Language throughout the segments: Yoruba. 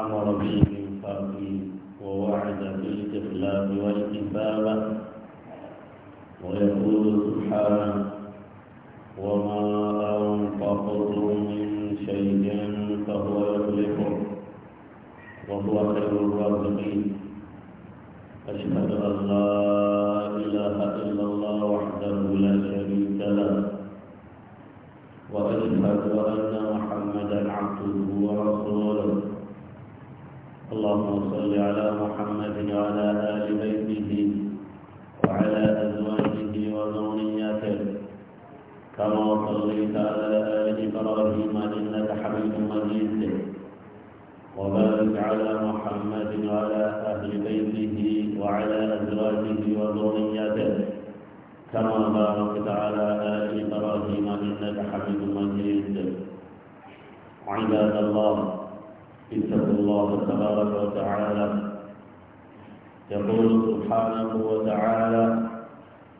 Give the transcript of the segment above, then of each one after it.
أمر به بالإنفاق ووعد بالاستخلاف والاستفاضة ويقول سبحانه وما أنفقتم من شيء فهو يخلفه وهو خير الرازقين أشهد أن لا إله إلا الله وحده لا شريك له وأشهد أن محمدا عبده ورسوله اللهم صل على محمد وعلى آل بيته وعلى أزواجه وذريته كما صليت على آل إبراهيم إنك حميد مجيد وبارك على محمد وعلى أهل بيته وعلى أزواجه وذريته كما باركت على آل إبراهيم إنك حميد مجيد عباد الله اتقوا الله تبارك وتعالى يقول سبحانه وتعالى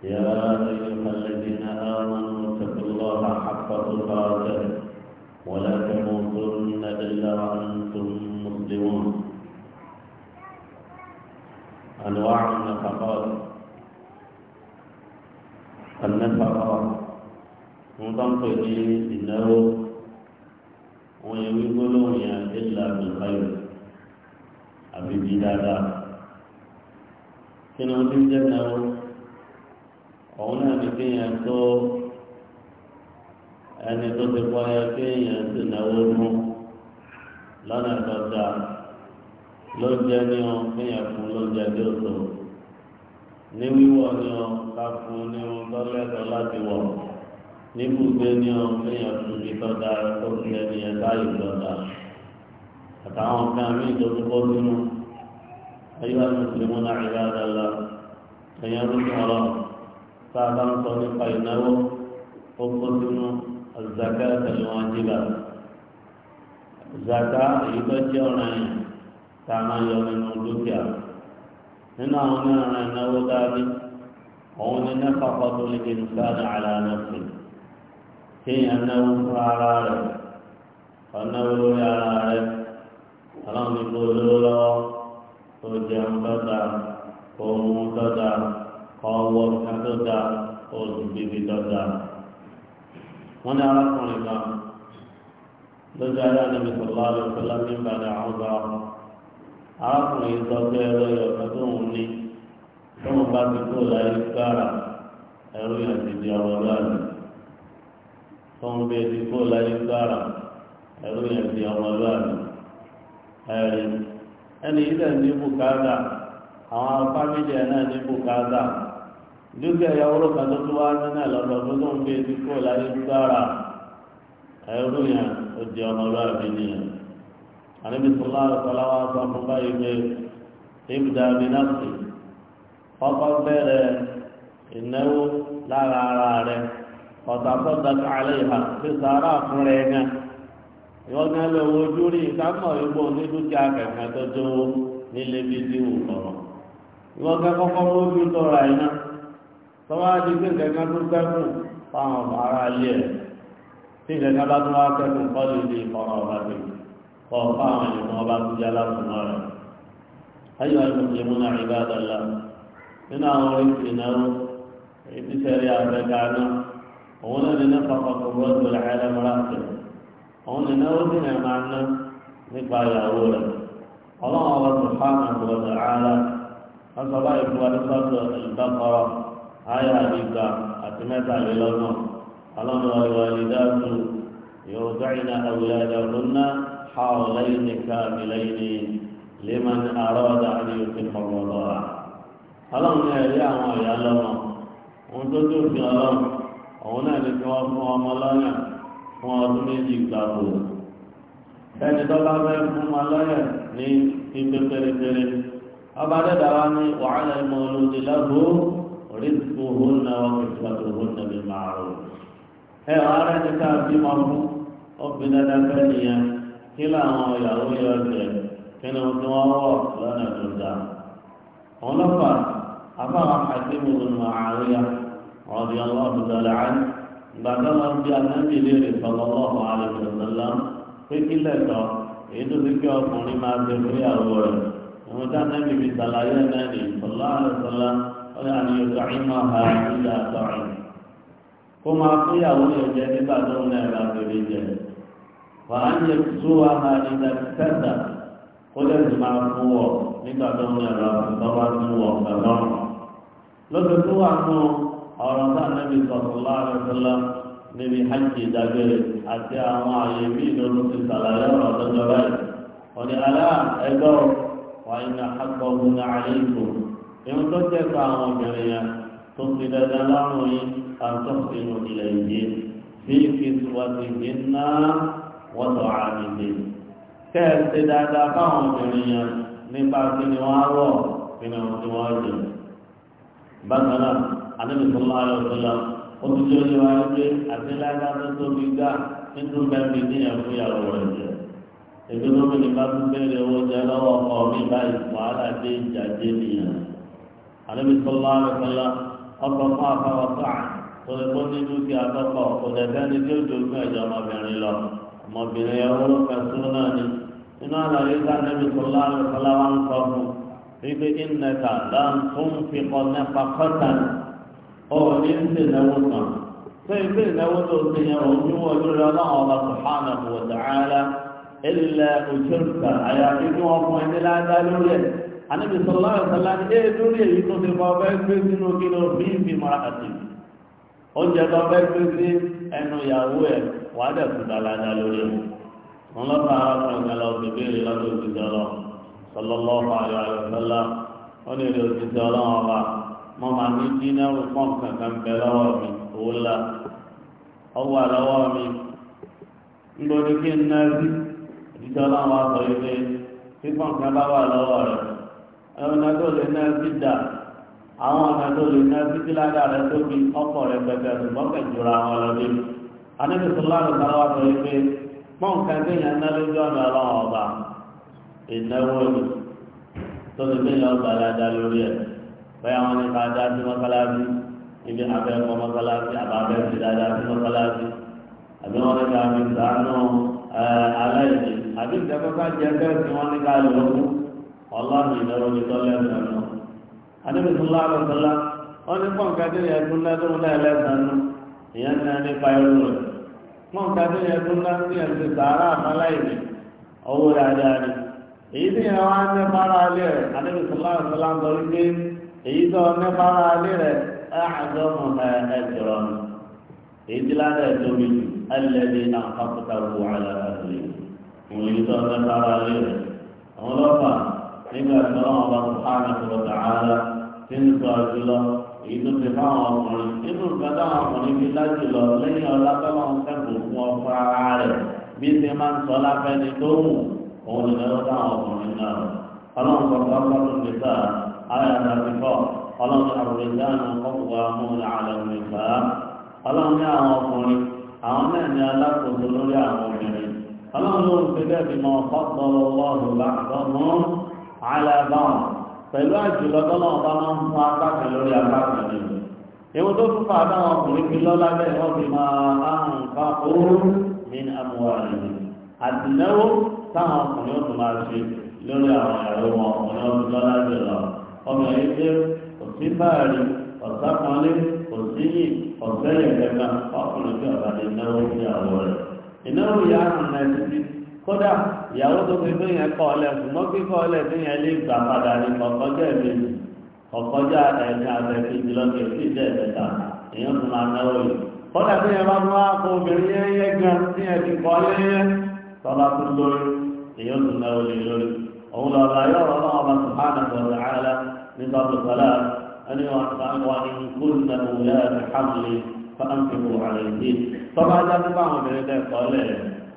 يا أيها الذين آمنوا اتقوا الله حق تقاته ولا تموتن إلا وأنتم مسلمون أنواع النفقات النفقة نظام انه wọn yẹ wí gbólóhùn yẹn ẹ̀dínlá mi báyọ̀ àbí bí dáadáa kí ni wọ́n ti ń jẹ́ náà ọ̀hún náà ni kéèyàn tó ẹni tó ti pọ́ ẹ kéèyàn sì náwó mú lọ́nà tó dáa ló jẹ́ ní ọ kéèyàn fún ló jẹ́ ní òtò ní wíwọ̀ ní ọ ká fún ní ọ tọ́lẹ́tọ̀ láti wọ̀ níbùgbé ní ọmọ èèyàn tóbi tọ́da tó fi ẹni ẹ báyìí lọ́dà àtàwọn kan mí tó tó bọ́ sínú ayé wa mùsùlùmí náà rí àdàlà ẹ̀yẹ rúkọ̀ ọ̀rọ̀ tá a bá ń sọ nípa ìnáwó ó kó sínú àzàkà tẹ̀lé wọn jìlá zàkà èyí tó jẹ́ ọ̀ràn yìí tá a máa yọ nínú dúkìá nínú àwọn onírànà ìnáwó dáadé òun ni nẹ́fà kọ́tó lè dé nìkan àlàáfíà kéèyàn náwó fún ara rẹ̀ ọ̀náwó lórí ara rẹ̀ ọlọ́run ní kó lówó lọ́wọ́ kó jẹun dọ́ta kó mú dọ́ta kó wọ ká dọ́ta kó dùn bíbí dọ́ta. wọ́n ní arákùnrin kan lójú ayé àdébí sọ̀rọ̀ àlùfẹ́lá ní ìbàdàn àwọn ọba arákùnrin sọ pé ẹ̀rọ ìyọ̀kan tó ń ní tó ń bá ti kó láyé gbára ẹ̀rú yẹn ti di ọmọlúwàbí tó ń bẹ ti kó láyé gbára ẹ̀rú yẹn ti ọmọlúwàbí ẹ̀rí ẹni ilẹ̀ ní bùkátà àwọn fámìlì ẹ̀ náà ní bùkátà dúkìá ìyàwó ló kan tó tó wá ní náà lọ́dọọdún tó ń bẹ ti kó láyé gbára ẹ̀rú yẹn ó di ọmọlúwàbí nìyẹn àníbi sọlá àlùkọ́lá wa sọ fún báyìí pé ibùdó àbínáfì ọkọ̀ bẹ̀rẹ̀ ìnáwó lára ara rẹ̀ ọ̀tàkọ́tàkọ́ alẹ́ ìhà fi sàárà fún rẹ̀ gan ìwọ́n gan lọ wo dúrí ìkámọ̀ ìgbó ní dúkìá kẹ̀kẹ́ tó jówó nílé bí tí wò kọ̀rọ̀ ìwọ́n gan kọ́kọ́ mójú tó ra iná tọ́wọ́ á di pé kẹ̀kẹ́ tó kẹ́kùn fáwọn ará ilé ẹ̀ tí kẹ̀kẹ́ bá tún wá kẹ́kùn kọ́ lè di ìfọ̀rọ̀ ọ̀rọ̀ rẹ̀ kọ́ fáwọn ìmọ̀ ọba tó jẹ́ aláfọ̀mọ́ náà ìbá dọ̀la nínú òun náà ní nípa pàtó rọ́ọ̀dù rẹ̀ ẹlẹ́mọ́ráṣẹ̀ òun ní náà ó sì ní máa ná nípa ìyàwó rẹ̀ ọlọ́run ọba sùfàánà bọ̀dọ̀ ara ọsọ báyìí fún adébátọ̀ ìdákọ̀rọ̀ ayé àdìgbà àti mẹ́tàlélọ́gbọ̀n ọlọ́run ọ̀rẹ́wà ìdásù yóò dọ́ìnà àwùyá ìdàgbọ́nà حولين كاملين لمن أراد أن يتم الرضاعة ọlọ́run ní ẹ̀rí àwọn ìyá tó tó fi àwọn náà ní kí wọ́n fún ọmọ lọ́yà fún ọdún méjì gbàgbó ẹni tó bá fẹ́ fún ọmọ lọ́yà ní ibi pérépéré ọba dẹ́dà wa ní wàhálà ìmọ̀ olóde lágbo rizquhunna wa kiswatuhunna wọn lọ́fà àbáwọn رضي الله تعالى عنه بعد ما أنبياء النبي ليه صلى الله عليه وسلم في كل ètò tí kí ọkùnrin máa ṣe fún ìyàwó rẹ̀ ìwọ̀n tí a náà bìbí sàlàyé náà ní sọ̀lá àlùsọ̀lá ọ̀rẹ́ àníyàn tó àyín máa ha ìdílé àtọ̀rìn kó máa fún ìyàwó rẹ̀ jẹ nígbà tó ń náà láti rí jẹ wà á yẹ tó wà ha ìdá tẹ́tà kó lè sì máa fún wọ nígbà tó ń náà láti tọ́wá sí wọ ọ̀gbà lọ́rùn lọ́sẹ̀ tó wà fún ọ̀rọ̀ náà níbi sọ̀tọ̀lá àrẹ̀sọ́lá níbi hajj ìdágbére àti àwọn ààyè bí ìdọ́dún ti sàlàyé ọ̀rọ̀ lọ́jọ́ báyìí wọ́n ní alá ẹgbẹ́ ọ̀ wà iná akọ ọ̀hún ààyè ìtò ìhun tó jẹ́kọ̀ àwọn obìnrin yẹn tó fi dandan lọ́rùn yín àtọ́sí inú ilẹ̀ yìí fi fi wàtí yín náà wọ́n tọ̀ àmì dé kẹ́ẹ̀sì dáadáa fáwọn obìnrin yẹn nípa kí ni wọ́n á wọ̀ kí ni wọ́n ti wọ́n jẹ bákan náà àdébí tó máa lọ sí lọ ó ti tó ṣe wáyé pé àtẹlágbá tó tóbi gbà nínú bẹ́ẹ̀ ní ẹ̀fọ́ ìyàwó rẹ̀ jẹ́ ètò tó fi nípa tó béèrè owó jẹ lọ́wọ́ ọkọ mi báyìí wàhálà dé ìjà dé nìyẹn àdébí tó máa lọ fún afáwọ́ sáà tó lè kó ní dúkìá tọkọ̀ kò lè bẹ́ni tí ó jogún ẹ̀jẹ̀ ọmọbìnrin lọ ọmọbìnrin ẹ̀rọ náà ni inú àlàyé ká níbi tó láàrín fọláwá ń sọ fún wípé ìnẹ̀ka láǹtún fi kọ́ nípa kọ́tà ọ̀rọ̀ ní ṣe ìnáwó kan ṣe ìṣe ìnáwó tó ṣe yẹn òun ní wọn lórí ọlọ́run ọba sọ̀hánà wọ̀ dàára ilẹ̀ òṣèlúta àyàfi ní wọn fún ẹni láńdá lórí ẹ̀ anábì sọlá ìsọlá ní ẹ lórí èyí tó ti fọ ọbẹ̀ gbé sínú kíló bí ibi máa àti oúnjẹ tó ọbẹ̀ gbé sí ẹnu ìyàwó ẹ̀ mo máa ní dínárù fún kankan bẹ lọ́wọ́ mi owó la ọwọ́ mi ńgbọ́dí kí n ná sí ìdíjọ́ ọlọ́run wa sọ ilé tí kankan bá wà lọ́wọ́ rẹ̀ ọ̀nà tó lè ná sí dà àwọn ọ̀nà tó lè ná rẹ̀ ọkọ̀ rẹ̀ ṣùgbọ́n kẹjọra wọn lọ sọ ná lójú ọ̀nà ọba ìnáwó ni tó lè lórí ẹ̀ bẹ́ẹ̀ àwọn nípa ajá sí mọ́sálásí ibi abẹ́kọ̀ mọ́sálásí àbábẹ́ sí dáadáa sí mọ́sálásí àbí wọ́n nípa àmì ìdáná aláìsí àbí ìjẹ́kọ́ká jẹ́ bẹ́ẹ̀ tí wọ́n nípa lòókù ọlọ́run ìdọ́rọ̀ ní tọ́lẹ̀ ẹ̀sánú. adébísọ́lá àbọ̀sọ́lá wọ́n ní pọ́ǹkadé yẹn tún lẹ́dún lẹ́ẹ̀lẹ́sánú ìyẹn ní ẹni pa rẹ̀ pọ́ǹkadé yẹn tún lẹ́sìn èyí tó ní fara alẹ́ rẹ̀ àádọ́mù ẹ̀jọ̀rọ̀ nù èyí tí ládàá tóbi jù alẹ́bí àkàkùtà wù alára rẹ̀ òun èyí tó ní fara alẹ́ rẹ̀ àwọn ọlọ́fà nígbà tí wọ́n bá tó hánà tó tààrà tí ń sọ àjùlọ èyí tó ti fáwọn ọkùnrin nínú nǹkan táwọn ọkùnrin fi lájùlọ lẹ́yìn ọlá tọ́lọ́ ń kẹ́kọ̀ọ́ fún ọkọ̀ ara rẹ̀ bí ti máa ń sọ láfẹ́ni tó wù òun ìlẹ́wọ́ táwọn ọkùnrin náà ọlọ́run kọ̀ọ̀kan على الاتفاق ọlọ́run àrùrẹ́dáàmù ọ̀pọ̀ amúra àlàmìfà ọlọ́run ní àwọn ọkùnrin àwọn náà ní alákòóso lórí àwọn obìnrin ọlọ́run ló ń fi bẹ́ẹ̀bí mọ fọ́pọ̀lọ́ lọ́rùn láàbọ̀mọ́ alábáwọn pẹ̀lú àjùlọ tọ́lọ́run bá máa ń fún apákan lórí apákan ni ewu tó tún fà dáwọn ọkùnrin fi lọ́lá bẹ́ẹ̀ wọ́n fi máa áhùn ká ooru ní amúhàlì àtìlẹ́wọ́ táwọn ọkùnrin ó tún máa ṣe lórí àwọn ẹ̀rọ wọn ọkùnrin ó tún lọ́lá bẹ́ẹ̀ lọ́rùn ọmọ yìí dé òsì báàrí ọ̀sákanlé òsì yìí ọ̀gbẹ́lẹ̀ kẹta ọkùnrin tí ọ̀bá lè náwó sí àwọ̀ rẹ̀. ìnáwó ìyá àrùn náà ti fi kódà ìyàwó tó fi fún yẹn kọ́ ọlẹ́ ṣùgbọ́n kíkọ́ ọlẹ́ fún yẹn lè gbà padà ní ọ̀kọ́jọ́ ìbejì ọ̀kọ́jọ́ ẹ̀sìn àbẹ̀kejì lọ́kẹ̀ sí ìdẹ́ ẹ̀dẹ́ta èèyàn tó máa náwó yìí kódà fún yẹn bá mú àpò obìnrin yẹn yẹn òun lọ bá yọ ọ̀rọ̀ náà bá sùhánà bọ̀rọ̀ àlá nípa bùsọ̀lá ẹni wọn sọ àwọn ẹni kó nà wùlẹ̀ àmì fáńkì wù àlẹ́ yìí tọ́ba já nípa àwọn obìnrin tẹ̀ kọ́lẹ̀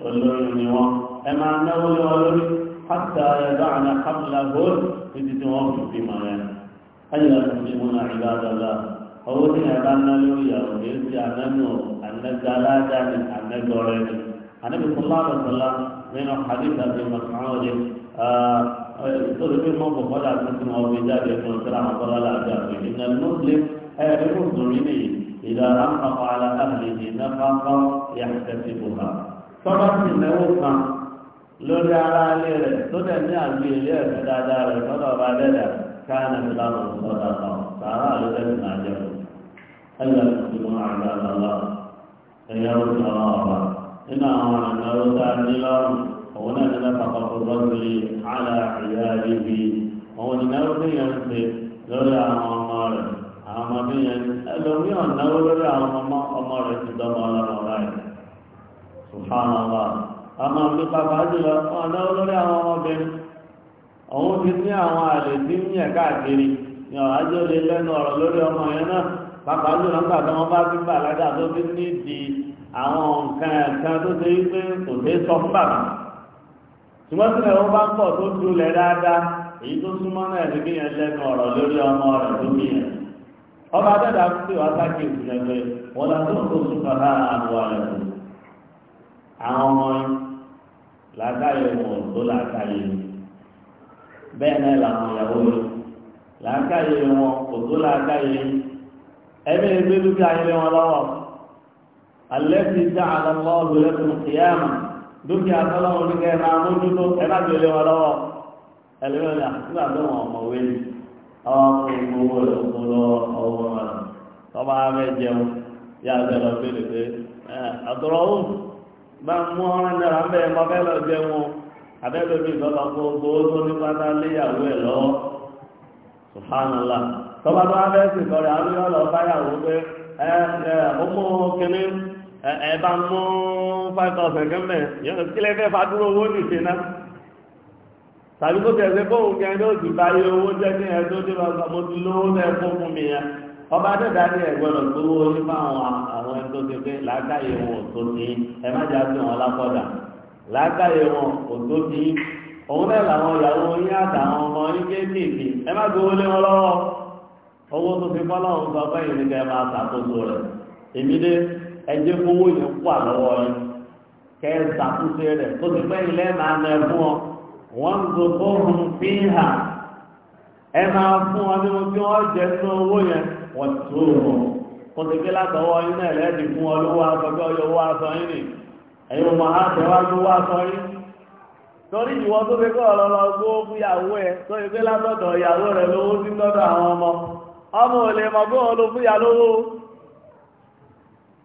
olórí ni wọn ẹ máa náwó lé wọn lórí hàtà ẹ̀dá àná kámìlá góòlù títí tí wọ́n fi fi mọ̀ rẹ̀ ẹ̀yìn láti fi mú náà ìlú àdọ́lá owó tí ẹ̀ bá ná lórí ìyàwó kì í ti ànánú ànẹ́gbẹ́ aládàáni ànẹ́gbọ́rẹ́ ni. النبي صلى الله عليه وسلم من حديث ابي مسعود آه، آه، يقول في الموقف ولا تسمع بذلك يقول سلام الله لا جابر ان المسلم المسلمين اذا انفق على اهله نفقه يحتسبها طبعا النوم lórí لولا ilé ليله tó dẹ̀ ní àgbé ilé ẹ̀sìn dáadáa rẹ̀ tọ́lọ̀ ọba dẹ́dà káàní ti lábọ̀ ọ̀dà kan sàárà ló dẹ̀ nà jẹ́ nínú àwọn àgbàrò tá a ní lọ́rùn òun náà ní lápapọ̀ rọ́bìrì àlà ìyá ibi òun ní náà bí yẹn ń pè lórí àwọn ọmọ rẹ̀ àwọn ọmọ bí yẹn ẹlòmí ọ̀nà lórí àwọn ọmọ ọmọ rẹ̀ ti dọ́mọ ọlọ́run láì subhanallah àmọ́ àti pàpà jùlọ ọ̀nà lórí àwọn ọmọbìnrin òun ti ní àwọn àlè tí ń yẹ káàkiri ní ọ̀rọ̀ ajé olè lẹ́nu ọ̀rọ̀ lórí ọmọ yẹn náà pàpà jùlọ nígbà tí wọ́n bá ti bà lájà tó fi ní ìdí àwọn nǹkan ẹ̀kan tó ṣe pé kò ṣe sọ fún bàbá ṣùgbọ́n sílẹ̀ ó bá ń pọ̀ tó ju lẹ̀ dáadáa èyí tó súnmọ́ náà ní kí yẹn lẹ́nu ọ̀rọ̀ lórí ọmọ rẹ̀ tó bí yẹn ọba dẹ́dà ń pè wá sáàkì pé wọ́n lọ tó tó àwọn ọmọ yìí wọn tó bẹ́ẹ̀ náà làwọn ìyàwó wọn kò tó ẹ̀mí التي جعل الله لكم قياما dúkìá tọ́lọ́wọ́ ní kẹ́ máa mójútó ẹ̀bá bí olè wọn lọ́wọ́ ẹlẹ́wẹ̀lẹ́ àtúgbà tó wọn ọmọ wé ní ọmọ ìgbówó ìlú lọ ọwọ́ wọn tọ́ba abẹ́ jẹun yá abẹ́ lọ bèèrè pé àtọ̀rọ̀ ó bá mú ọrùn náírà ń bẹ́ ẹ̀ mọ́fẹ́ lọ jẹun abẹ́lómi ìtọ́lọ́ gbogbo tó ní ẹ bá mú five thousand kan mẹ́ yẹn kí lẹ́fẹ́ fa dúró owó nìṣe náà tàbí kó tẹ̀sẹ̀ fóun kẹ́ ní òjì báyé owó jẹ́ ní ẹ̀ tó dé lọ sọ mo ti lówó náà fún fún mi yẹn ọba dẹ́dá ní ẹ̀gbọ́dọ̀ gbowó ní fáwọn àwọn ẹni tó ti pé làákàyè wọn ò tó ní ẹ má jà sí wọn lápọ̀dà làákàyè wọn ò tó ní òun náà làwọn ìyàwó yín àtàwọn ọmọ yín kéékèèké ẹ má gbowó lé wọn lọ́wọ́ owó tó fi fọ́lọ́run sọ fẹ́yìn ní kẹ́ máa ṣàkóso rẹ̀ èmi dé ẹjẹ fowó yẹn kó àlọ́wọ́ yẹn kẹ́ ẹ rẹ̀ tó ti pẹ́ ilé máa nà ọ wọ́n ń zo hun fi hàn ẹ máa fún ọ nínú bí wọ́n jẹ owó yẹn wọ́n tó o kó látọwọ́ yín fún ọ lówó aṣọ bí ọyọ owó aṣọ yín nì ẹ̀yin torí ìwọ tó fi kọ́ gbó fúyàwó tó fi látọ̀dọ̀ ìyàwó rẹ̀ lówó sí lọ́dọ̀ àwọn ọmọ ọmọ ò lè mọ̀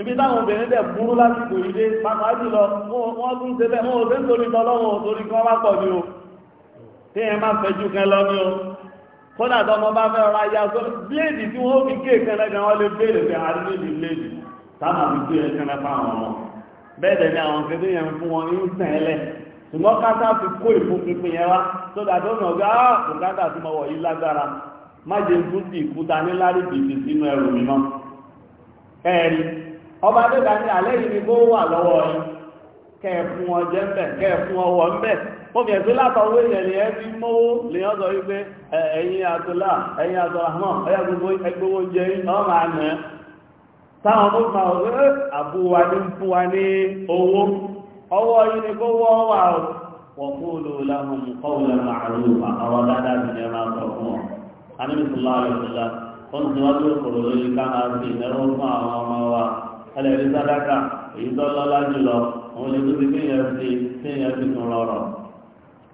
ibi táwọn obìnrin dẹ̀ burú lásìkò ilé pápá jùlọ wọ́n tún ṣe bẹ́ẹ̀ wọ́n ò sí nítorí tọ́lọ́wọ́ torí kí wọ́n bá pọ̀ ní o tí ẹ máa fẹ́jú kan lọ ní o kódà tó ọmọ bá fẹ́ ra ya sọ bíléèdì tí wọ́n fi kéè kan lẹ́gbẹ̀ẹ́ wọ́n lè béèrè pé a ní ìlú léèdì táwọn àti ni àwọn kéde yẹn fún wọn ní sẹ́ẹ̀lẹ̀ ṣùgbọ́n kátà fi kó ìfún pínpín yẹn wá tó dàtó nà ọ̀gá bùkátà ọba tó ga ní alẹ́ yìí ni bó wà lọ́wọ́ yìí kẹ́ẹ̀fún ọjẹ́ ń bẹ̀ kẹ́ẹ̀fún ọwọ́ ń bẹ̀ fóbi ẹ̀sùn látọwọ́ èèyàn ni ẹ fi mọ́wó lèyàn sọ wípé ẹ̀yin àtọ́lá ẹ̀yin àtọ́lámọ́ ọyá gbogbo ẹgbogbo oúnjẹ ọmọ àná táwọn tó máa wọ́n pé àbú wa ní fún wa ní owó ọwọ́ yìí ni kó àwọn dáadáa ti jẹ́ máa sọ fún ọ anímísùlá àlùfẹ́lá ó ń tún wá tó kòrò lórí ká máa fi ìnáwó fún àwọn ọmọ wa ẹlẹ́rìí sàdákà èyí tó lọ́lá jùlọ òun lè tó ti kéèyàn sí kéèyàn sí tún rọrọ̀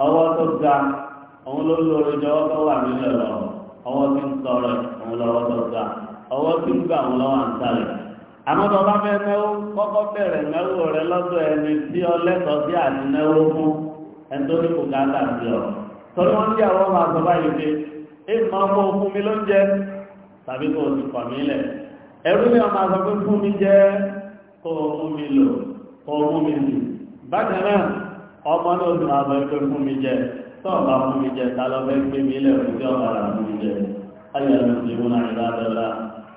ọwọ́ tó ga òun ló lórí jọwọ́ tó wà nílẹ̀ lọ ọwọ́ tí ń sọ̀rọ̀ òun lọ́wọ́ tó ga ọwọ́ tí ń gbà òun lọ́wọ́ à ń sàlẹ̀ àmọ́ tó bá fẹ́ náwó kọ́kọ́ bẹ̀rẹ̀ náwó rẹ lọ́dọ̀ ẹni tí ọ lẹ́tọ̀ọ́ sí àti náwó fún ẹni tó ní kò ká tàbí ọ torí àwọn ọmọ àgbà báyìí pé ẹ̀rú ni ọmọ àgbàgbé fún mi jẹ́ ọmọ mi lò ọmọ mi lò bákan náà ọmọ náà dùn àgbàgbé fún mi jẹ́ tọ́ọ̀bá fún mi jẹ́ tálọ́fẹ́ gbé mi lẹ̀ fún tí ọ̀bà rà fún mi jẹ́ ayọ̀ ló ti wọn àrẹ ládọ́lá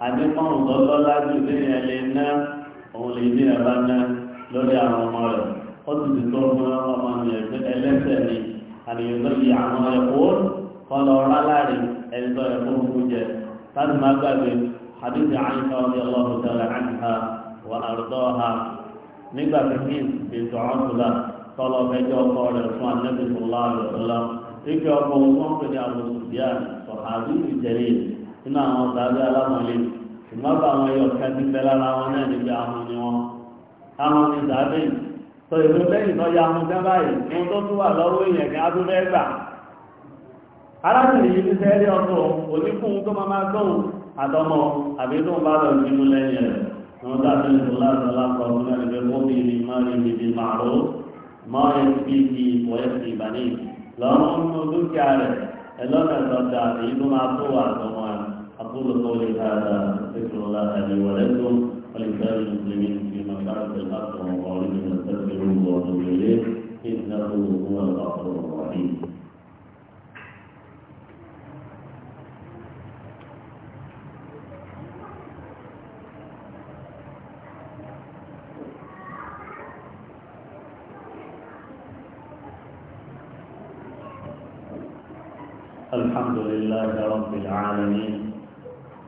àdékùn ọ̀dọ́lọ́ lájú ní ẹ̀lẹ́ náà òun lè ní ẹ̀bá náà lórí àwọn ọmọ rẹ̀ ó sì ti tó fún ọmọ mi ẹlẹ́sẹ̀ ni àdéhùn tó àwọn ẹ̀kọ́ kọlọ̀ ọ̀rá láàrin ẹ̀ńtọ́ ẹ̀kọ́ fún jẹ láti má gbàgbé حديث عائشة رضي الله تعالى عنها وأرضاها نقبل تكين بنت عبدة طلب جواب النبي صلى الله عليه وسلم إذا أبو بن أبو سفيان صحابي الجليل إن أنا صحابي على مولد ثم بعد ما يكتب بلا روانا نبي أمامي أمامي صحابي tòyìnbó lẹ́yìn tó ya ọmọdé báyìí wọn tó tún wà lọ́wọ́ èèyàn kí á tún fẹ́ gbà arábìnrin yìí àtọmọ àbí tó bá lọ nínú lẹ́yìn rẹ̀ wọn dábí ìṣòlá ìṣòlá sọ fún ẹni pé ó bí ní má rí ibi màró má rí bí ti ìwọ̀ ẹ̀sìn ìbàní lọ́wọ́ nínú dúkìá rẹ̀ ẹlọ́nà ìtọ́jà èyí tó máa tó wà àtọmọ rẹ̀ àbúrò tó lè ká ìṣòlá ìṣòlá ìṣòlá ولسائر المسلمين في مشارق الارض ومغاربها استغفر الله اليه انه هو الغفور الرحيم الحمد لله رب العالمين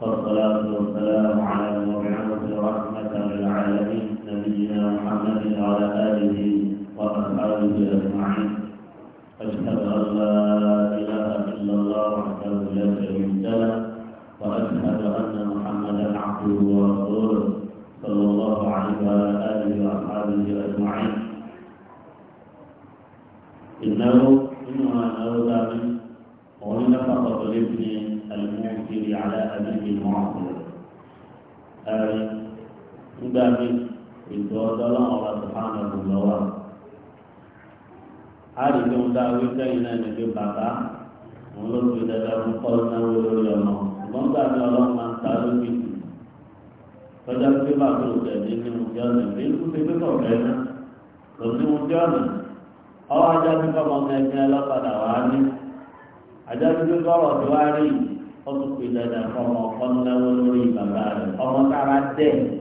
والصلاة والسلام على المبعوث رحمة للعالمين نبينا محمد وعلى آله وأصحابه أجمعين أشهد أن لا إله إلا الله وحده لا شريك له وأشهد أن محمدا عبده ورسوله صلى الله عليه وعلى آله وأصحابه أجمعين إنه إنما أولى من nígbà mí ètò ọ̀dọ́ ọlọ́run ọba tó fáwọn ọ̀dùn lọ́wọ́. a lè fi ohun tá a wí sẹ́yìn náà ní pé bàbá òun ló fi dandan fún kọ́ náwó lórí ọmọ ṣùgbọ́n gbà mí ọlọ́run máa ń ta lóbi tọ́jà pé bàbá ò tẹ̀lé ní mo jẹ́ ọ̀nà èyí kú ti pé kọ̀ fẹ́ náà lọ sí mo jẹ́ ọ̀nà ọwọ́ ajá bí bọ́mọ ẹgbẹ́ ọlọ́padà wà ní ajá bí bọ́rọ̀ tí wàá rí ọtún pé dandan fún ọmọ ọkọ náwó lórí bàbá rẹ̀ ọmọ tára dẹ́ẹ̀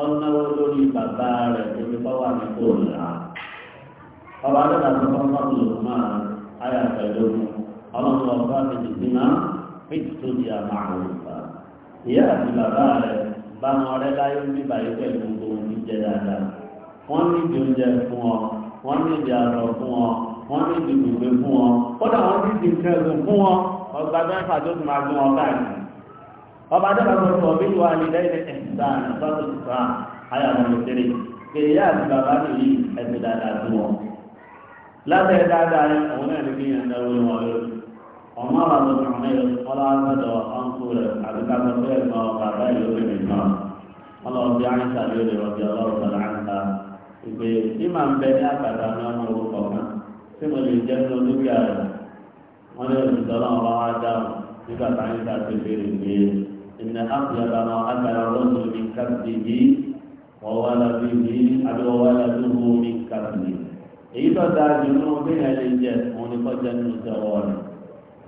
ọ̀nàwó lórí bàbá rẹ̀ lórí báwà ní kò rà. ọba dẹ́ta tó kọ́ sọ́kù lùkùmáà ayà pẹ̀lú ọlọ́run ọba ti ti ti máa fíjì tó di àmà àwọn ìgbà. ìyá àti bàbá rẹ̀ bá wọn rẹ́ láyé ní bàyí pẹ̀lú ohun jíjẹ dáadáa. wọ́n ní ìdí oúnjẹ fún ọ wọ́n ní ìdí àrọ̀ fún ọ wọ́n ní ìdí gbogbo fún ọ kódà wọ́n ní ìdí nǹkan fún ọ ọgbà bẹ́ẹ̀ fàjọ́ tó máa gbé wọn báyìí ọba adébàbọ̀ tó ọbí wa ní lẹ́yìn ẹ̀sà àtọ́tò tó ayé àwọn òṣèré kèèyà àti bàbá mi yìí ẹ̀sẹ̀ dáadáa tó wọn. lábẹ́ dáadáa yẹn òun náà ní kíyàn náà wọlé wọn lórí. ọmọ àbàtọ̀ ọmọ yẹn ọlá àgbàdọ̀ ọ̀nkú rẹ̀ àbíkàtọ̀ fẹ́ ẹ̀gbọ́n bàbá ìlú rẹ̀ nìkan. ọlọ́run bí àyíṣà ló lè rọ̀bì ọlọ́run sọ̀rọ̀ àyíṣà ìpè tí màá ń bẹ náà mọ̀ orúkọ kan tí mo lè jẹ́ lórí rìn tọ́lọ́ ọba إن أغلب ما أكل الرجل من كبده وولده أو ولده من كبده èyí tó dáa jù nínú bí ẹ lè jẹ òun ni kọjá nínú ìjọwọ rẹ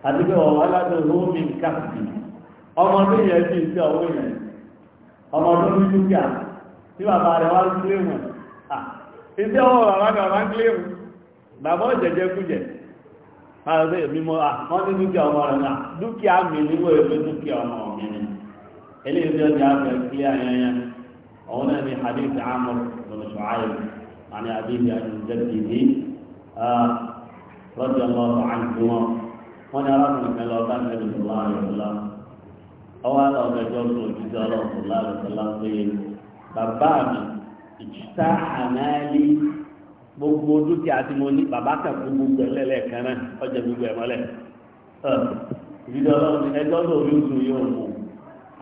àti pé ọwọ aládùúgbò mi ń kàkiri ọmọ tó yẹ bí ìṣe ọwọ yẹn ọmọ ní dúkìá tí bàbá rẹ wá ń ìṣe ọwọ bàbá rẹ wá ń bàbá kújẹ eléyìí tí ó di àbẹ̀ sí àyẹ̀yẹ òun náà ni hadith amr bin shu'aib àni abiy al-jadidi rọ́jò ọlọ́ọ̀tọ̀ àjùmọ̀ wọn ni arákùnrin kan lọ bá ní ẹni sọlá àyọ̀sọlá ọwọ́ àlọ́ ọ̀gbẹ́jọ́ sọ òjijì ọlọ́ọ̀sọlá àyọ̀sọlá pé bàbá mi ìjìtá àmàlí gbogbo dúkìá tí mo ní bàbá kan fún gbogbo ẹ̀ lẹ́lẹ́kan náà ọjà gbogbo ẹ̀ mọ́lẹ̀ ìdíjọ́ ọlọ́run ẹjọ́ lórí oṣù yóò mú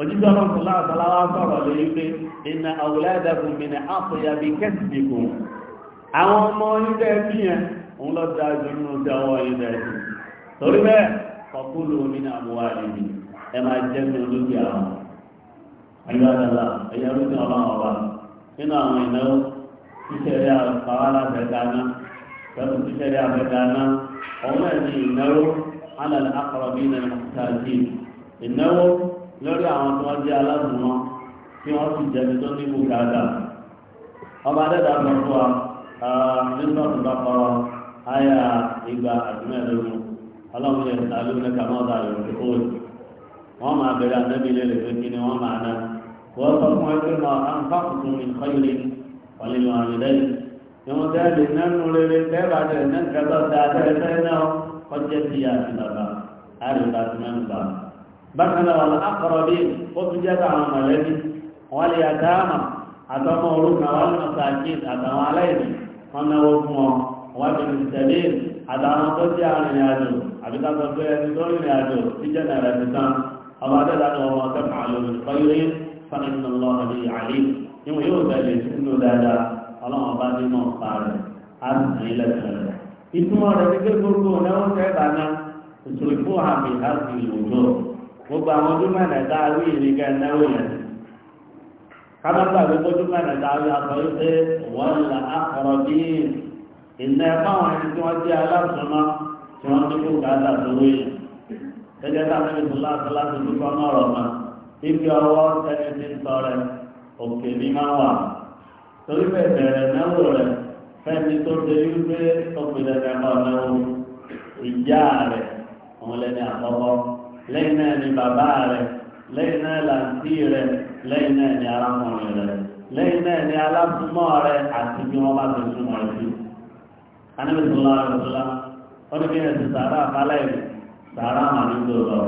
òjíṣẹ́ ọlọ́run sọ̀lá àtàlá wá sọ̀rọ̀ lórí pé iná àwòlẹ́dẹ̀kùn mi ní àpòyà bí kẹ́sìdìkùn àwọn ọmọ onídẹ́ bí yẹn òun lọ da ju nínú sí ọwọ́ onídẹ́ bí torí bẹ́ẹ̀ kọkúlù omi ní àmúwá ìbí ẹ máa jẹ́ mi olóògbé àwọn ayélujára ẹ̀yà lóde ọlọ́run ọba nínú àwọn ìnáwó tíṣẹ̀rí àfàwárà fẹ̀dáná pẹ̀lú tíṣẹ̀rí àfẹ̀dáná ọ̀hún ẹ̀ ní ìnáwó alàlẹ́ àkọ̀rọ̀bí ìnáwó lórí àwọn tí wọ́n jẹ́ aláàbùmọ́ tí wọ́n sì jẹ́ni tó ní bùkátà ọba dẹ́dà sọ fún wa nígbà tó bá kọ́ àyà ìgbà àdúmẹ́lẹ́nu ọlọ́run lè ta ló lẹ́ka mọ́ ọ̀dà rẹ̀ tó kóòlù wọ́n máa bẹ̀rẹ̀ ànábì lè lè fẹ́ kí ni wọ́n máa ná wọ́n sọ fún ẹgbẹ́ mọ́ àǹfààkùnkùn mi kọ́ ilé ọ̀lẹ́nu àmì lẹ́yìn ìwọ̀n tẹ́lẹ̀ nánú rere tẹ́lẹ̀ àtẹ̀lẹ̀ náà kẹtọ́ tẹ́lẹ̀ tẹ́lẹ̀ náà kọjá sí àti bàbá àrùn bàtúmẹ́nu bàbá bákanáà wọn akọrọbí ó tún jẹ́ àwọn mọ̀lẹ́bí wọn lè àtàmà àtọmọ orúkọ wọn lọ sàkí àtàwọn aláìní wọn náwó fún ọ wọn fi ní tẹ̀lé àtàwọn tó jẹ́ arìnrìn àjò àbíkàtọ̀ pé ẹni tó rìnrìn àjò tí jẹ́ ni wọn kẹ́ fún àlòmí fọyírí fún ìnà lọ́wọ́ ní àlè níwọ̀n yóò tẹ̀lé sínú dáadáa ọlọ́wọ́n bá nínú ọ̀pá rẹ̀ á sì ní ilẹ̀ tẹ̀lé ìtumọ̀ rẹ̀ ní gbogbo náà ó tẹ́ bàná ìṣòro fún gbogbo àwọn ọdúnmọ̀ ẹ̀dá rí ìrìnkà ẹ̀náwó yẹn kábàtà gbogbo ọdúnmọ̀ ẹ̀dá rí àtọ̀ yìí pé wọ́n là á kọ̀rọ̀ bí ìnà ẹ̀fọ́ àwọn ẹni tí wọ́n jẹ́ aláṣọmọ́ tí wọ́n ti kó gàdà lówó yẹn gẹ́gẹ́ bá mi tó láti láti dúpọ̀ mọ́rọ̀ mọ́ ibi ọwọ́ ẹni tí ń tọrẹ òkè ní máa wà torí bẹ́ẹ̀ bẹ̀rẹ̀ náwó rẹ̀ fẹ́ni tó ṣe wípé ọ̀pẹ̀lẹ̀ ìjà rẹ̀ òun lẹ́ni àkọ́kọ́ lẹ́yìn náà ni bàbá rẹ̀ lẹ́yìn náà làǹtí rẹ̀ lẹ́yìn náà ni arákùnrin rẹ̀ lẹ́yìn náà ni aláfúnmọ́ rẹ̀ àti bí wọ́n bá ti súnmọ́ rẹ̀ sí. anábìsọ̀lá rẹ̀ sọ́lá wọ́n ní kí ẹ̀ ti sàárà àbálẹ̀ rẹ̀ sàárà mà ní tó lọ.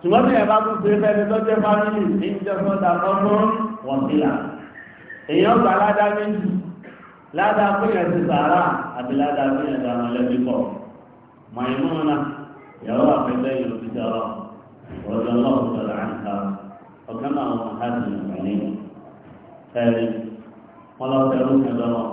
ṣùgbọ́n tí ẹ bá tún ṣe fẹ́ni tó jẹ́ fámìlì ní ìjọba dàpọ̀ fún wọ̀sílà èèyàn gbà ládá méjì ládá fún ẹ̀ ti sàárà àti ládá fún ẹ̀ يرى في التجارة رضي الله تعالى عنها وكما هو حاسم المؤمنين ثالث ولا تعلم كذا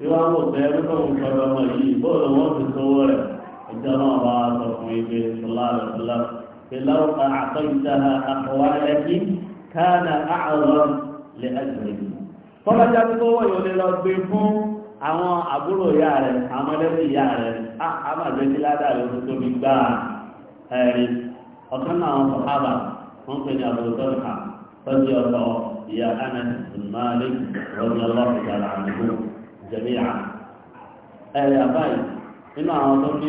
يوم تعلمكم كذا ما يجي يقول وقت صوره الجماعة بعض الحبيب صلى الله عليه وسلم فلو أعطيتها أخوالك كان أعظم لأجلك فما جاءت قوة يقول لك àwọn àbúrò ìyá rẹ̀ àwọn ẹlẹ́bí ìyá rẹ̀ àmàjẹ́ kí ládàá rẹ̀ tó tóbi gbá ẹ̀rí ọ̀kan náà wọn sọ hábà wọn pè ní àbúrò tó kà tọ́jú ọ̀tọ̀ ìyá Anas bin Malik rọ́bì ọlọ́pù ìyàrá àdúgbò jẹ̀mí à ẹ̀rí àbáyé nínú àwọn tó ní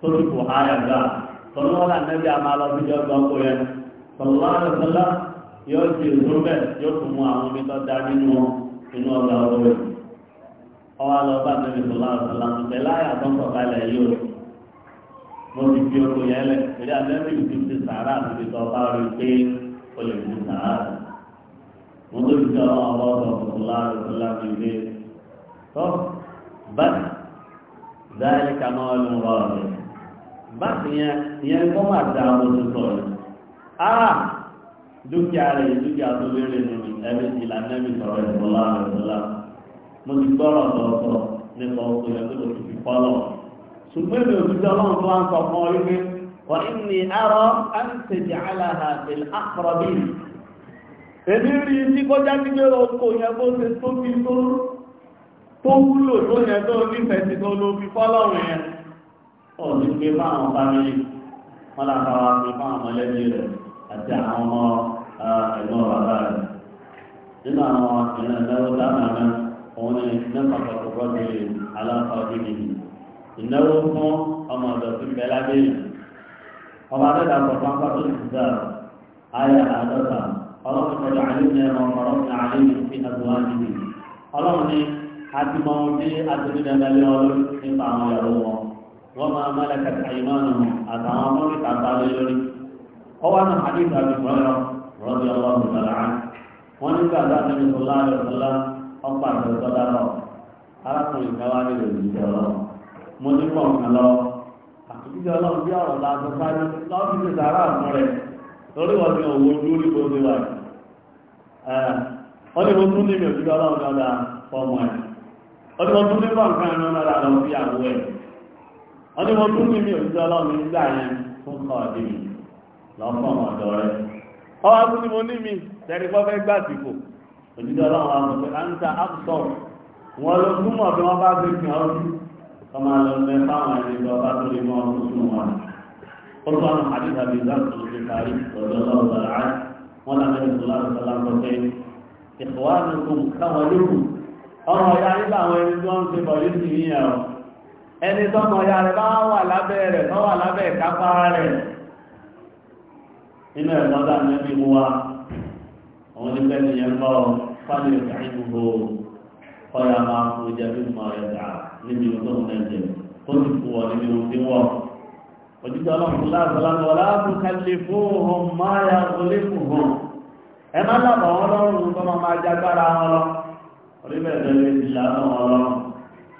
tó ti kò háyà gbà tọ́lọ́wọ́lá nẹ́bí a máa lọ sí jọ gbọ́n kó yẹn tọ́lọ́wọ́lá yóò ti èso bẹ́ẹ̀ yóò tún mú àwọn omi tó da nínú inú ọgbà ọgbà rẹ̀ ọwọ́ nẹ́bí tọ́lọ́wọ́lá tẹ̀ láyà tó ń báàkì yẹn ìyẹn kọ́ máa da ọmọ tuntun rẹ̀ ara dúkìá rẹ̀ dúkìá tó lérè nínú ẹbí ìlànà ẹbí sọ̀rọ̀ ìbọ̀lá ìbọ̀lá mo ti gbọ́rọ̀ tọ̀ọ̀tọ̀ nípa oko yẹn tó lòdì fi kọ́lọ̀ ṣùgbọ́n èmi òbí tó lọ́n tó wá ń sọ fún ọ wípé wọ́n ń ní arọ́ á aláha bẹ̀rẹ̀ àkọ́rọ̀ èmi rí i tí kọjá sí pé oko yẹn bó ṣe tóbi tó wúlò tó yẹn tó nífẹ̀ẹ́ sí tó ló fi kọ́lọ̀ yẹn òní pé fáwọn fámìlì wọn làbá wa pé fáwọn mọ̀lẹ́bí rẹ̀ àti àwọn ọmọ ẹ̀gbọ́n bàbá rẹ̀ nínú àwọn ìran ìnáwó dáná náà òun ni nípa pàtàkó ti aláǹfà òdìdì ìnáwó fún ọmọ ọ̀dọ̀ sí bẹ́ẹ̀ lábẹ́yìn ọba adẹ́dà pọ̀tàn pàtó ti dà ayà àádọ́ta ọlọ́run pẹ̀lú àlejò ẹ̀rọ ọ̀rọ̀kùnrin àlejò sí àdúrà ọlọ́run ni a ti mọ ohun wọ́n máa mọ́lẹ̀kẹ̀ àìmánu àtàwọn ọmọ níta bá lé lórí ọwọ́ náà hadith àti ìfọ́lọ́ rọ́bì ọlọ́run tọ́lá wọ́n nígbà láti ní sọlá àlọ́sọlá ọ̀pá àti sọlá lọ arákùnrin kan wá ní òṣìṣẹ́ ọlọ́run mo ní pọ̀ nǹkan lọ àtúntò ọlọ́run bí ọ̀rọ̀ la sọ sáré lọ́ọ̀bì ti sàrà àmú rẹ̀ lórí wọn ni òwò lórí bó ti wà wọ́n ní wọ́n ní wọ́n tún ní mi òjò ọlọ́run nígbà yẹn fún ọ̀dí mi lọ́pọ̀ ọ̀dọ́ rẹ̀ ọwọ́ tún ní mo ní mi tẹ́rí pọ́fẹ́ gbà sípò òjò ọlọ́run wa mọ̀ pé à ń ta àpùtọ̀ wọn ló túmọ̀ bí wọ́n bá fi fi hàn ojú kọ́ máa lọ mẹ́ fáwọn ẹni lọ bá tó lè mọ ọdún sínú wọn. ó tún àwọn àdìsá bíi ìdáàbò tó ti parí ọ̀dọ́ ọlọ́run sọ̀rọ̀ á wọn ọmọ ìyá nígbà àwọn ẹni tó ń ṣe bọ̀ yóò sì ẹni tọ́mọ ya rẹ̀ bá wà lábẹ́ rẹ̀ tọ́ wà lábẹ́ ìkápá rẹ̀ inú ẹ̀ lọ́dà níbi wa òun ní bẹ́ẹ̀ nìyẹn kọ́ fáwọn ìgbà ìgbòho kọ́ya máa kú jẹ́ bí mo rẹ̀ dà níbi tó ń lẹ́jẹ̀ tó ti kú wọ níbi ohun tí wọ̀ òjijì ọlọ́run láàbọ̀lá ni ọlá fún ohun máa ya fún ohun ẹ má lábọ̀ wọn tó máa máa jágbára wọn lọ orí bẹ́ẹ̀ lọ́lẹ́ ìlànà wọn lọ́rùn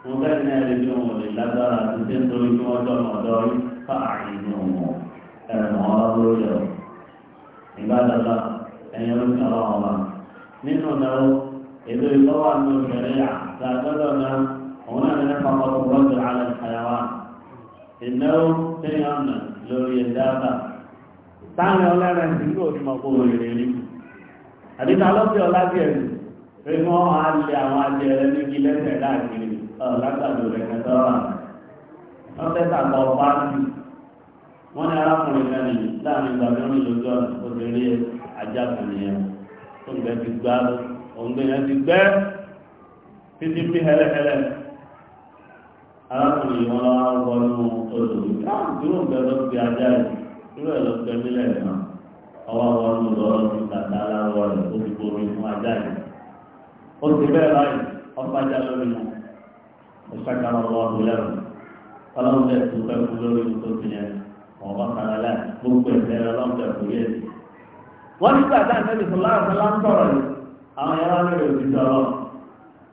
wọn bẹ́ẹ̀ ní ẹni tí wọn lè lágbára àti tí ń torí kí wọ́n tọ́ ọmọ ọ̀dọ́ rí fáàrin ní ọmọ ẹ̀rọ ọ̀rọ̀ lórí ọ̀ ìgbàdàgbà ẹ̀yẹ ló ti ọlọ́wọ́ wa nínú náà èdè ìtọ́wà ní obìnrin yà làgbọ́dọ̀ náà òun náà ní pàpọ̀ tó rọ́jò alẹ́ àyàwá ìnáwó téèyàn nà lórí ẹ̀dá àbá táwọn ọlẹ́rẹ̀ ti ń gbòdì mọ̀ kó rèé rí àdìsá lọ́sẹ̀ lágbàdo rẹ̀ kẹtọ́ rà wọ́n tẹ́tà lọ pààtì wọ́n ní arákùnrin kan ní láàrin ìgbà mẹ́rin lójú ọ̀nà obìnrin ajá kan nìyẹn tó gbẹ ti gbá òǹgbẹ yẹn ti gbẹ títí bí hẹlẹhẹlẹ arákùnrin wọn lọ wọ inú odò ah, dúró ń bẹ lọ sí ajá rẹ dúró ẹ lọ sí ẹmílẹ náà ọwọ́ wọn ló lọ sí tàtà aláwọ̀ rẹ̀ ó fi bomi fún ajá rẹ ó ti bẹ́ẹ̀ báyìí ọ̀pá وشكر الله له ọlọ́run tẹ̀ tó fẹ́ fún lórí ohun tó fi yẹn wọ́n bá fara láì gbogbo ẹ̀fẹ́ ọlọ́run tẹ̀ fún yẹn. wọ́n nígbà tá a fẹ́ẹ́ sọ̀rọ̀ láti lá ń sọ̀rọ̀ yìí àwọn yàrá lórí òbí sọ̀rọ̀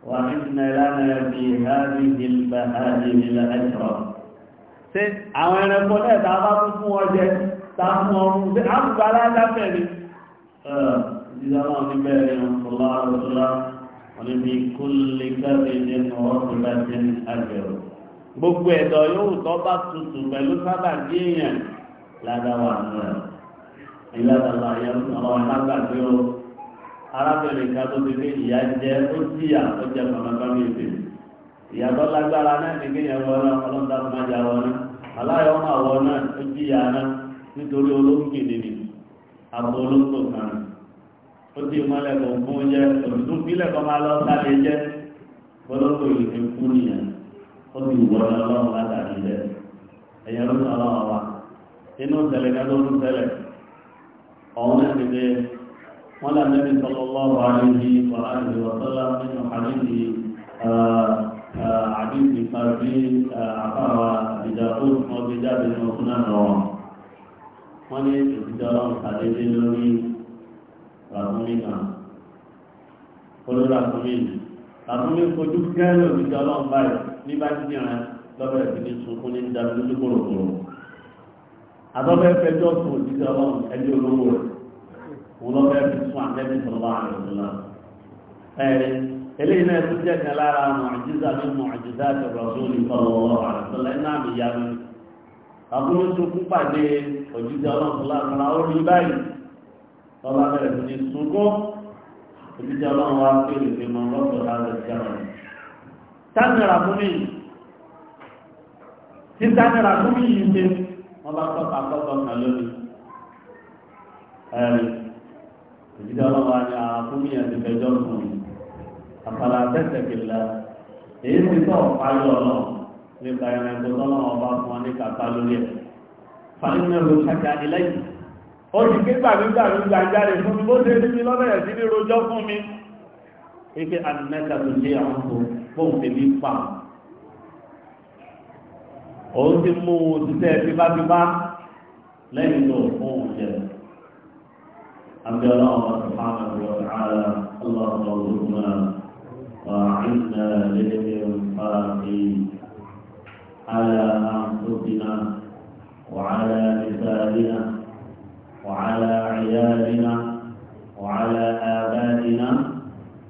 wà ní ìnà ìlànà ẹ̀bí ìhàbí ìlbà àti ìlà ẹ̀sọ̀rọ̀. ṣé àwọn ẹranko náà tá a bá tún fún ọ jẹ tá a fún ọrùn ṣé àbùkù aláàdáfẹ́ ni. ìdílé ọlọ́run níbẹ̀ ni níbi kúlẹ̀ kẹ́rin nínú ọdún láti ní àjẹrò gbogbo ẹ̀dọ̀ yóò tọ́ bá tutù pẹ̀lú sábà bí èèyàn ládàwà náà ìlàdàlà ìyàwó àwọn alágbàgbé o arábìnrin kan tó ti fi ìyá jẹ ó jìyà ó jẹ pàmàpàmì ìbè ìyàtọ̀ lágbára náà ní kéèyàn wọ náà ọlọ́dà tó má jà wọ náà aláyọ̀ máa wọ náà ó jìyà náà nítorí olóńgbè nínú àbọ̀ olóńgbò kan ó ti mọ́lẹ̀ kò fún jẹ́ òtún bílẹ̀ kọ́ máa lọ sáré jẹ́ gbọ́dọ̀kọ̀ yìí ti kú nìyẹn ó ti wọ́n lọ lọ́wọ́ látàrí rẹ̀ ẹ̀yẹ ló sọ lọ́wọ́ wa inú tẹ̀lé ká tó ń tẹ̀lé ọ̀hún náà ti dé wọ́n là nẹ́bí sọlọ́wọ́ àríyí wàhálì wọ́sọ́lá nínú àríyí àbíbi kàrí àfáwà ìdàkó ọgbẹ́jáde ní ọkùnrin náà wọ́n ní ìdíjọ́ ọlọ́run lórí ràkúnmí náà olórí ràkúnmí ni ràkúnmí fojú gẹ́rẹ́ òbí jọ ọlọ́run báyìí ní bá ti dìrẹ́ lọ́bẹ̀rẹ̀ sí ní sunkún ní dábí lójú kòròkòrò àtọ́fẹ́ fẹjọ́ fún òjijì ọlọ́run ẹni olówó rẹ̀ òun lọ́fẹ́ fi sún àtẹ́bí sọ̀rọ̀ àrùn ẹ̀rẹ́ eléyìí náà tún jẹ́ kan lára mọ̀ọ́jísà ní mọ̀ọ́jísà ti rọ̀sùn ìfọ̀lọ́wọ́ àrùn ẹ̀ná àmì ìyá mi àbúrò tó kú pàdé òjijì ọlọ́run lára orí báyìí ọba bẹ̀rẹ̀ sí ní sunkún òjijì ọlọ́run wa pé lè fi mọ lọ́sọ̀ọ́ láti ṣe àwọn ẹ̀. tánìlà fún mi tí tánìlà fún mi yìí ṣe wọ́n bá tọ́ka tọ́ka kan lónìí. ẹ̀rì òjijì ọlọ́run wa ní àwọn fún mi àti ìfẹjọ́ fún mi àpàlà tẹ̀sẹ̀ kìlá èyí ti tọ́ ọ̀páyọ̀ ó ti ké gbàgbégbà ló gba jáde fún mi bó ṣe ní mi lọ́bẹ̀rẹ̀ sí ní rojọ́ fún mi pé anẹ́ta tó ṣe àwọn tó fóun ṣe ní pa òun ti mú un ṣiṣẹ́ fífáfífá lẹ́yìn tó fóun jẹ abiola ọmọ sùpánà wọ ààrẹ ọlọ́run ọlọ́run وأعنا للإنفاق على أنفسنا وعلى لساننا وعلى عيالنا وعلى آبائنا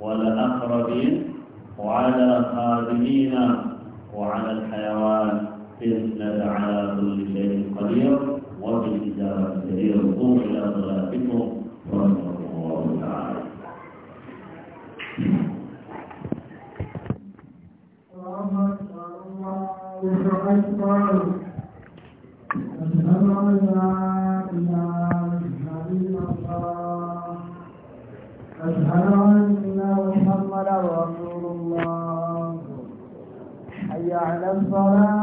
والأقربين وعلى خادمينا وعلى الحيوان إنك على كل شيء قدير وبالإجابة كثير قوم إلى صلاتكم رحمه الله تعالى الله أكبر أشهد الصلاة